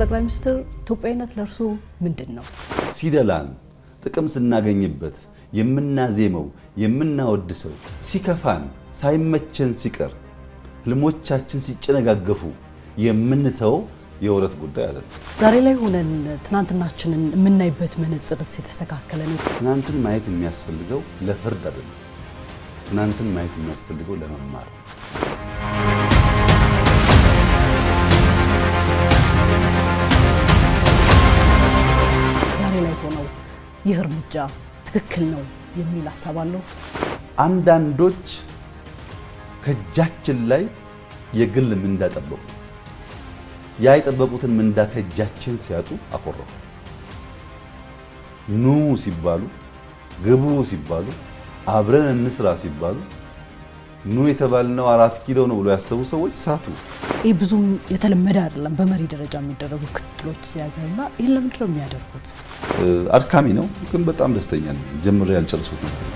ጠቅላይ ሚኒስትር ኢትዮጵያዊነት ለእርሱ ምንድን ነው? ሲደላን ጥቅም ስናገኝበት የምናዜመው የምናወድሰው፣ ሲከፋን ሳይመቸን ሲቀር ህልሞቻችን ሲጨነጋገፉ የምንተው የውረት ጉዳይ አለ። ዛሬ ላይ ሆነን ትናንትናችንን የምናይበት መነጽርስ የተስተካከለ ነው? ትናንትን ማየት የሚያስፈልገው ለፍርድ አይደለም። ትናንትን ማየት የሚያስፈልገው ለመማር ይህ እርምጃ ትክክል ነው የሚል ሀሳብ አለው። አንዳንዶች ከእጃችን ላይ የግል ምንዳ ጠበቁ። ያ የጠበቁትን ምንዳ ከእጃችን ሲያጡ አኮረፉ። ኑ ሲባሉ፣ ግቡ ሲባሉ፣ አብረን እንስራ ሲባሉ ኑ የተባልነው አራት ኪሎ ነው ብሎ ያሰቡ ሰዎች ሳቱ። ይህ ብዙም የተለመደ አይደለም። በመሪ ደረጃ የሚደረጉ ክትሎች ሲያገርና ይህን ለምንድን የሚያደርጉት? አድካሚ ነው፣ ግን በጣም ደስተኛ ነኝ። ጀምሬ ያልጨርሱት ነው።